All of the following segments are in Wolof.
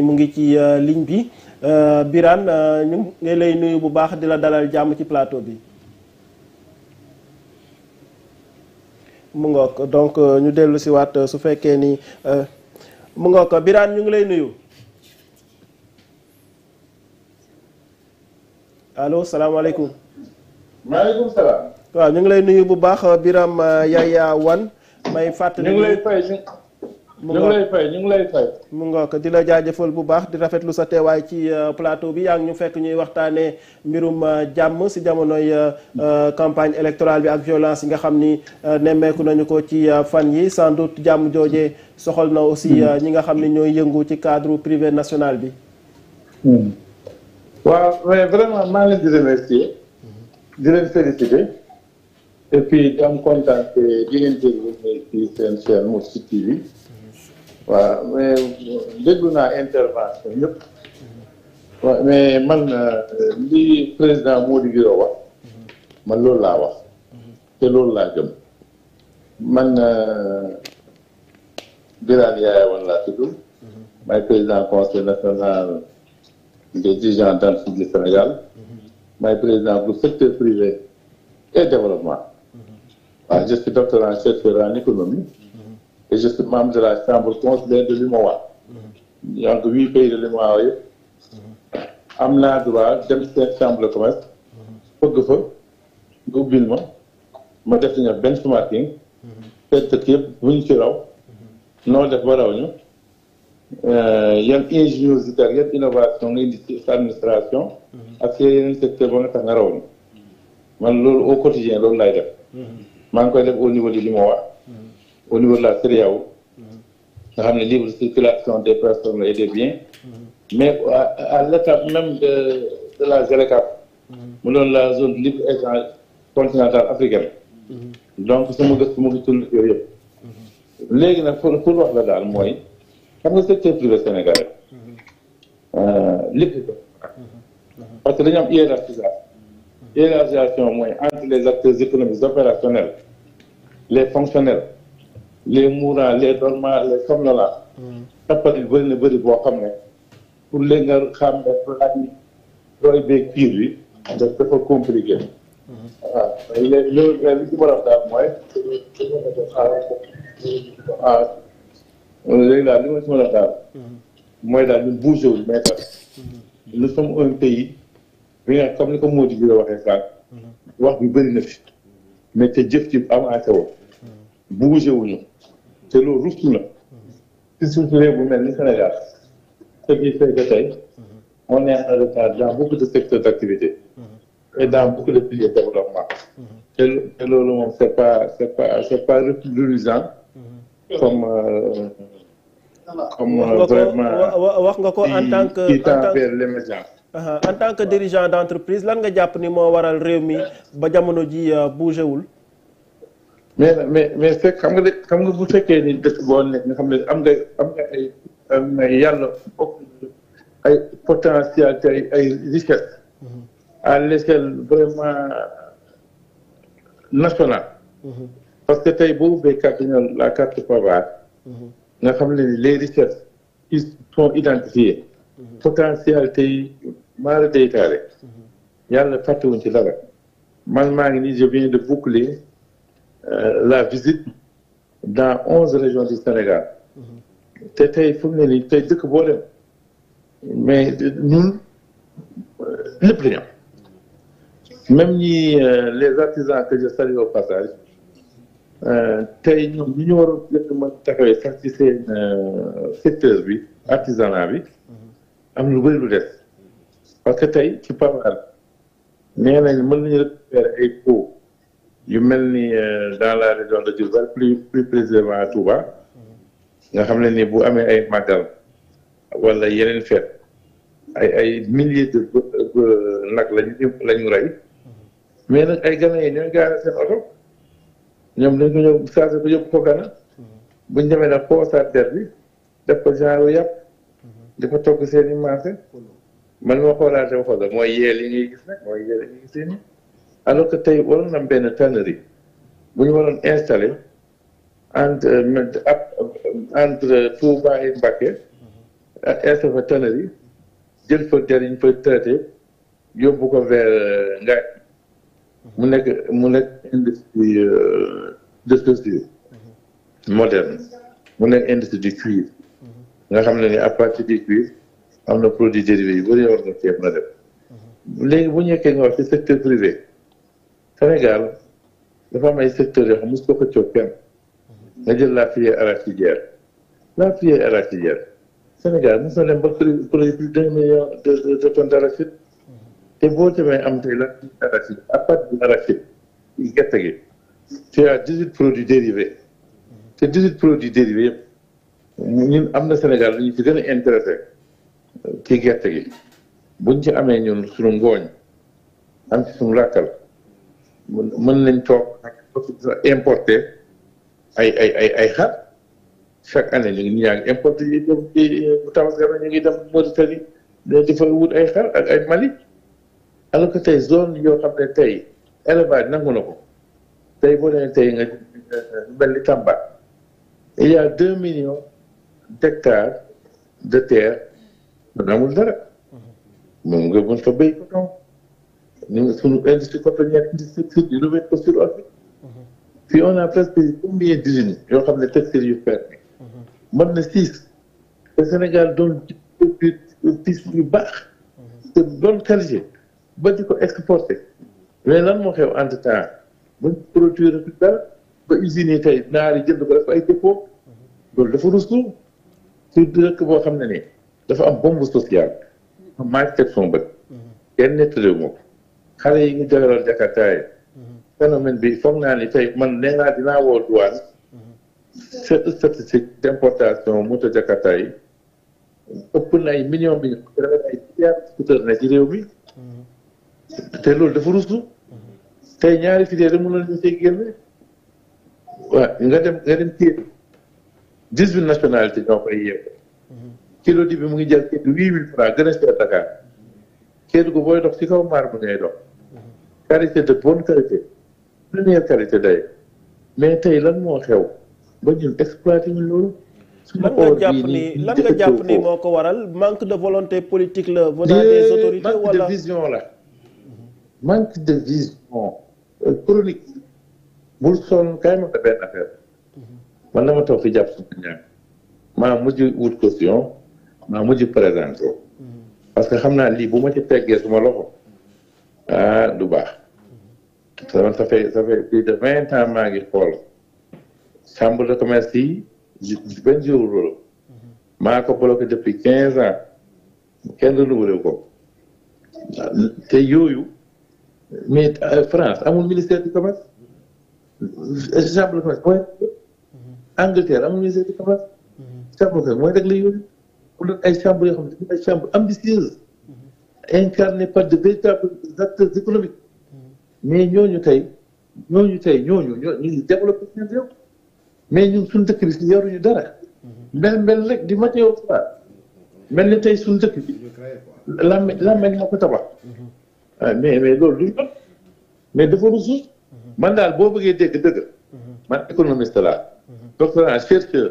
mu ngi ci euh, ligne bi euh, Birane euh, ñu ngi lay nuyu bu baax di la dalal jàmm ci plateau bi mu ngoog donc ñu dellu si su fekkee ni mu ngoog biraan ñu ngi lay nuyu allo salaamaaleykum maaleykum salaam waaw ñu ngi lay nuyu bu baax Birame Yaya Wane may fàttali ñu ngi lay fay mu ngi lay fay ñu ngi lay fay. di la jaajëfal bu baax di rafetlu sa teewaay ci euh, plateau bi yaa ngi ñu fekk ñuy waxtaanee mbirum euh, jàmm si jamonoy euh, campagne électorale bi ak violence yi nga xam ni nemmeeku nañu ko ci fan yi sans doute jàmm joojee soxal na aussi hmm. ñi nga xam ni ñooy yëngu ci cadre privé national bi. Hmm. waaw vraiment maa leen di remercier. di et puis di am kontaan di leen déglu ci seen waaw mais déglu naa intervention yëpp waaw man euh, li président Mody Guiro wax man loolu laa wax te loolu laa gëm man euh, Birane Yahya Wane laa tudd maay président conseil national des dirigeants d'entreprise du Sénégal maay président bu secteur privé et développement waaw je suis doctorant chercheur en économie et je suis de la chambre consulaire de l'UMOA mm-hmm. donc huit pays de l'UMOA yëpp mm-hmm. am naa droit dem seen chambre de commerce mm-hmm. fëgg fa nga ubbil ma ma def li ñuy wax benchmarking seet yëpp bu ñu ci raw noo def ba raw ñu euh, yan ingéniosité ak yan innovation nga indi ci administration ak see yeneen secteur ba nga tax nga raw ñu man loolu au quotidien loolu laay def maa ngi koy def au niveau de l'UMOA au niveau de la CEDEAO nga xam ne libre circulation des personnes et des biens mais à, à l'étape même de la ZLECAf mu doon la zone libre échange continentale africaine donc sama gëstu mu ngi tourné yooyu yëpp léegi nag pour pour la daal mooy xam nga secteur privé sénégalais euh, parce que dañu am hiérarchisation hiérarchisation mooy entre les acteurs économiques opérationnels les fonctionnaires les Moura les Dorma les na tapal yi bëri na bëri boo xam ne pour léegi nga xam ne laaj looy beeg piir bi dafa compliqué. waaw mm-hmm. ah, loolu li ci borom daal mooy. Ah, ah, léegi daal li ma ci mën daal. Mm-hmm. mooy daal ñun bougé wul mais daal. Mm-hmm. nous sommes un pays. bi nga comme ni ko Modou bi la waxee sànq. wax bi bëri na fi. mais te jëf ci am aase woo. bougé wuñu te loolu rustu na ci surtout bu mel ni Sénégal ce qui fait que tey on est en retard dans beaucoup de secteurs d' et dans beaucoup de piliers développement te loolu moom c' pas c' pas c' est comme euh, comme euh, vraiment wax nga ko en tant que qui tend vers uh-huh. en tant que dirigeant d' entreprise lan nga jàpp ni moo waral réew mi ba jamono ji euh, bougéwul mais mais mais fekk xam nga de xam nga bu fekkee ni dëkk boo nekk nga xam ne am nga am ay yàlla bokk ay potentialité ay ay richesse mm-hmm. à l'échelle vraiment nationale. Mm-hmm. parce que tey boo ubbee carte la carte PAVAR. Mm-hmm. nga xam ne les richesses ils sont identifiés. potentialité yi maara day taale. yàlla fàttewuñ ci dara. man maa ngi nii de boucler. Euh, la visite dans onze régions du Sénégal mhm. te tey fu ni ne tey dëkk boo dem mais ñun euh, lépp la ñu am euh, les artisans que je salue au passage tey ñoom ñu ñu war a gën a mën taxawee sax ci secteur bi artisanat bi mhm. am lu bëri lu des parce que tey ci Pamar nee nañ mën nañu récupérer ay pots yu mel ni euh, dans la région de Diourbel plus plus précisément à Touba. nga xam ne ni bu amee ay màggal wala yeneen feet ay ay milliers de nag lañu lañu rey mais nag ay gana yi ñooy gaare seen oto ñoom dañ ko ñëw chargé ko yóbbu ko gana buñ demee nag xoosaat bi def ko genre yàpp di ko togg seen i marché man ma xoolaatee xoolal mooy yeel yi gis nag mooy yeel yi gis nii alors que tey waroon na am benn tannerie bu ñu waroon installé entre euh, entre Touba et Mbacké euh, installé fa tannerie jël fa der yi ñu fa traité yóbbu ko vers euh, Ngaye mu nekk mu nekk industrie de sourcil moderne mu nekk industrie du cuir nga xam ne ni à partir du cuir am na produit dérivé yu bëri yoo xam ne ceeb léegi bu ñu nga wax ci secteur privé Sénégal dafa am ay secteurs yoo xam mos ko xëccoo kenn nga jël la filière arachidière la filière arachidière Sénégal mos na dem ba produit plus d'un million de de tonnes te boo demee am tey la filière arachide à part de l'arachide gerte gi tu as dix huit produits dérivés te dix huit produits dérivés ñun am na Sénégal lu ñu ci gën a intéressé ci gerte gi buñ ci amee ñun sunu ngooñ am ci suñu làkkal mën mën nañ toog ak importé ay ay ay ay xar chaque année ñu ngi importé yi dem ci bu ñu ngi dem Mauritanie di fa wut ay xar ak ay Mali alors que tey zone yoo xam ne tey élevage nangu na ko tey boo demee tey nga mel ni il y deux millions d'hectares de terre amul dara mm-hmm. moom nga mën fa béy coton ñu suñu benn structure ñu remettre ko sur orbite fii on a presque combien d'usines yoo xam ne textile yu fermé mën na six te Sénégal doon piste yu baax te doon qualité ba di ko exporté mais lan moo xew entre temps buñ produire ba usines yi tey naar yi jënd ko def ay dépôt loolu dafa ruslu su dëkk boo xam ne ni dafa am bombe sociale ma maag teg son bët kenn nettalewu ma ko xale yi ñu dëgëral Jakarta yi bi foog naa ni tey man nee naa dinaa woo douane cette statistique d' moto Jakarta ëpp na ay millions bi ay milliards scooter réew mi te loolu dafa rusu tey ñaari filière mën na ñu see génne waaw nga dem nga dem kii dix-huit nationalité ñoo koy yëpp kilo di bi mu ngi jël kii huit mille francs gën a cher Dakar kéedu ko booy dox ci kaw maar bu ngay dox qualité de bonne qualité première qualité day mais tey lan moo xew ba ñun exploité loolu. lan nga jàpp lan nga jàpp ni moo ko waral manque de volonté politique la. venant des autorités manque de vision la manque de vision euh, chronique. bul sonn kaay ma benn affaire mhm. man dama toog fi jàpp suñu ñaan maa mujj wut caution maa mujj présenté mhm. parce que xam naa lii bu ma ci teggee suma loxo ah, du baax. sama ça fait ça de vingt ans maa ngi xool de commerce yi maa ko bloqué depuis quinze ans kenn renouvelé ko te yooyu euh, France amul ministère du commerce de commerce mooy Angleterre amul ministère du commerce mooy rek yooyu pour doon ay chambre yoo xam ne ay ambitieuse incarné par de véritables acteurs mais ñooñu tey ñooñu tey ñooñu ñoo ñu ngi développé mais ñun suñu dëkk bi si yoruñu dara mel mel rek di matériaux quoi mel ni tey suñu dëkk bi lam lamel na tabax waaw ah, mais mais loolu duñ mais dafa rusu man daal boo bëggee dégg dëgg man économiste laa doctorant chercheur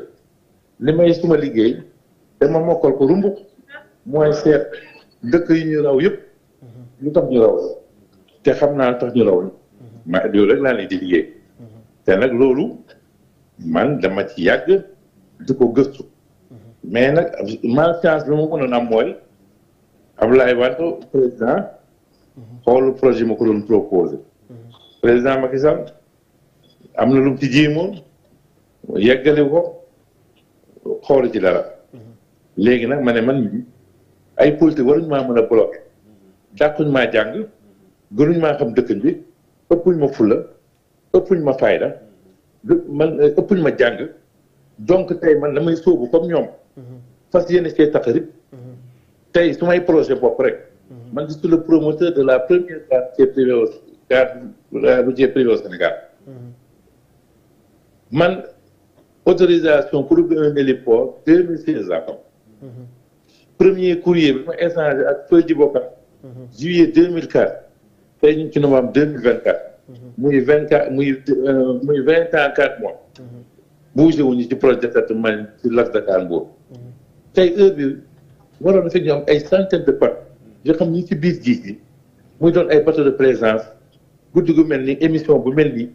li may suma liggéey dama mokkal ko rumbu mooy seet dëkk yi ñu raw yëpp lu tax ñu raw te xam naa tax ñu rawoon ma loolu rek laa leen di liggéey te nag loolu man dama ci yàgg di ko gëstu mais nag malchance la ma mënoon am mooy Abdoulaye Wade président xoolu projet ma ko doon proposé président Macky Sall am na lu mu ci jéemoon yeggali ko xoolu ci dara léegi nag ma ne man ay politique waruñu maa mën a bloqué dàquñu maa jàng gënuñ maa xam dëkk bi ëppuñ ma fulla ëppuñ ma fayda man ëppuñ ma jàng donc tey man damay soobu comme ñoom fas yéene see taxarib tey su may projet bopp rek man je suis le promoteur de la première carte privée au gare euh, privé au Sénégal man autorisation pour un héliport deux mille seize laa premier courrier bi ma échangé ak feu di bokka juillet deux mille quatre tey ñu ci novembre deux mille vingt quatre. Euh, muy vingt quatre muy vingt quatre mois. bougé wuñu ci projet département ci Lac Dakar Mbour. tey heure bi waroon na fi ñu ay centaine de potes yoo xam ni ci biir géej gi muy doon ay bateau de présence guddi gu mel ni émission bu mel ni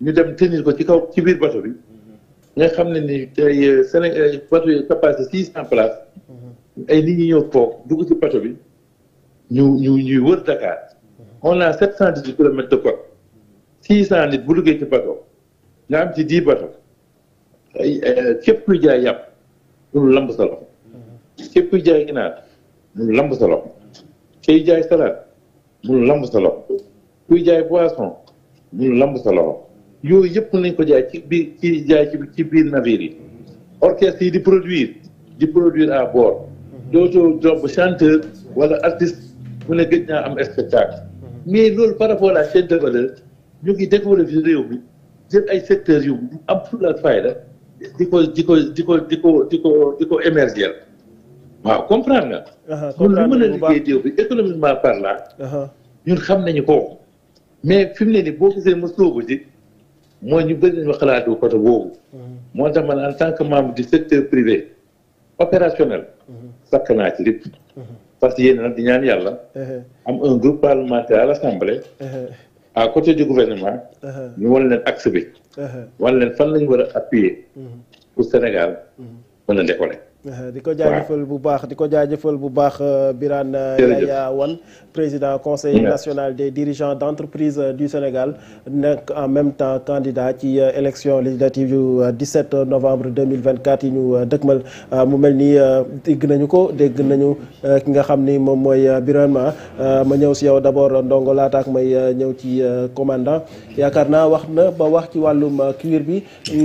ñu dem tenir ko ci kaw ci biir bateau bi nga xam ne ni tey euh, Sénégal euh, bateau yi capacité six cent places ay nit ñi ñëw toog dugg ci bateau bi ñu ñu ñuy wër Dakar. on a 718 kilomètres de côte 600 nit bu liggéey ci bateau nga am ci 10 euh, képp kuy jaay yàpp ñu lamb sa loxo képp kuy jaay ginaar ñu lamb sa loxo kuy jaay salade ñu lamb sa loxo kuy jaay boisson ñu lamb sa loxo yooyu yëpp nañ ko jaay ci biir ci jaay ci biir navire yi orchestre yi di produire di produire à bord dootoo job chanteur wala artiste mu ne gëj naa am spectacle mais loolu par rapport à la chaîne ñu ngi développé réew mi jël ay secteurs yu am fulla ak fayda di ko di ko di ko di ko di ko di ko émerger waaw comprendre nga. comprendre nga lu mën a liggéey réew bi par laa ñun xam nañu ko. mais fi mu ne nii boo gisee ma sóobu ji mooy ñu bëri nañu xalaatu côté boobu. Mhm. moo tax man en tant que membre du secteur privé opérationnel. Mhm. sakk naa ci lépp. Mhm. parce que yéen nag ñaan yàlla. Uh-huh. am un groupe parlementaire à l' assemblée. Uh-huh. à côté du gouvernement. Uh-huh. ñu wan leen axe bi. wan leen fan lañu war a appuyer. Mm-hmm. pour Sénégal mm-hmm. mën a décoller. Euh, di ko jaajëfal bu baax di ko jaajëfal bu baax euh, Birane euh, Yaya wan président conseil national des dirigeants d'entreprise du Sénégal nekk en même temps candidat ci élection législative yu 17 novembre 2024 yi ñu mal mu mel nii dégg nañu ko dégg nañu ki nga xam ni moom mooy Birane ma ma ñëw si yow d'abord ndongo laata ak may ñëw ci commandant yaakaar naa wax na ba wax ci wàllum cuir bi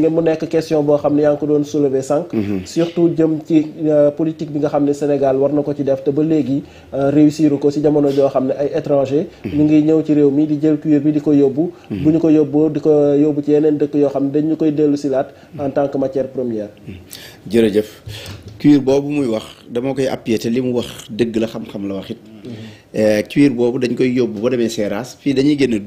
mu nekk question boo xam ne yaa ngi ko doon soulever sànq mm-hmm. surtout jëm ci politique euh, politique bi nga xam ne Sénégal war na ko ci def te ba léegi euh, réussir ko si jamono joo xam ne ay étranger mu mm-hmm. ngi ñëw ci réew mi di jël cuir bi di ko yóbbu mm-hmm. bu ñu ko yóbboo di ko yóbbu ci yeneen dëkk yoo xam ne dañu koy dellu silaat en tant que matière première mm-hmm. jërëjëf cuir boobu muy wax dama koy appuyer te li mu wax dëgg la xam-xam la wax it euh, boobu dañ koy yóbbu ba demee Seras fii dañuy génn